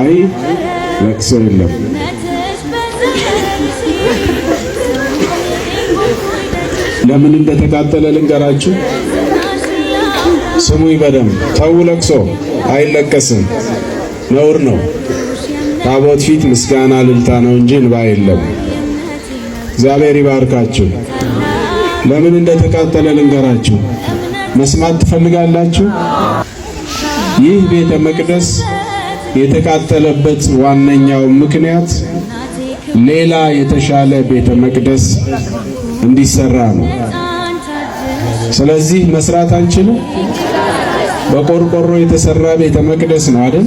አይ ለቅሶ የለም። ለምን እንደተቃጠለ ልንገራችሁ። ስሙኝ በደምብ ተው። ለቅሶ አይለቀስም፣ ነውር ነው። ታቦት ፊት ምስጋና ልልታ ነው እንጂ እንባ የለም። እግዚአብሔር ይባርካችሁ። ለምን እንደተቃጠለ ልንገራችሁ። መስማት ትፈልጋላችሁ? ይህ ቤተ መቅደስ የተቃጠለበት ዋነኛው ምክንያት ሌላ የተሻለ ቤተ መቅደስ እንዲሰራ ነው። ስለዚህ መስራት አንችልም። በቆርቆሮ የተሰራ ቤተ መቅደስ ነው አይደል?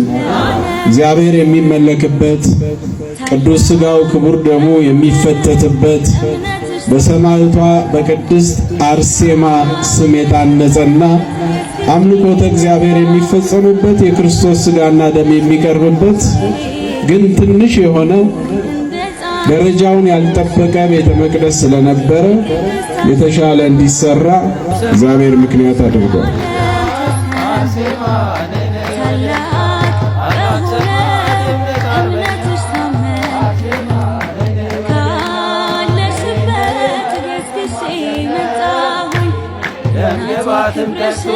እግዚአብሔር የሚመለክበት ቅዱስ ስጋው ክቡር ደሙ የሚፈተትበት በሰማዕቷ በቅድስት አርሴማ ስም የታነጸና አምልኮተ እግዚአብሔር የሚፈጸምበት የክርስቶስ ሥጋና ደም የሚቀርብበት ግን ትንሽ የሆነ ደረጃውን ያልጠበቀ ቤተ መቅደስ ስለነበረ የተሻለ እንዲሰራ እግዚአብሔር ምክንያት አድርጓል። ለምባትም ደሱ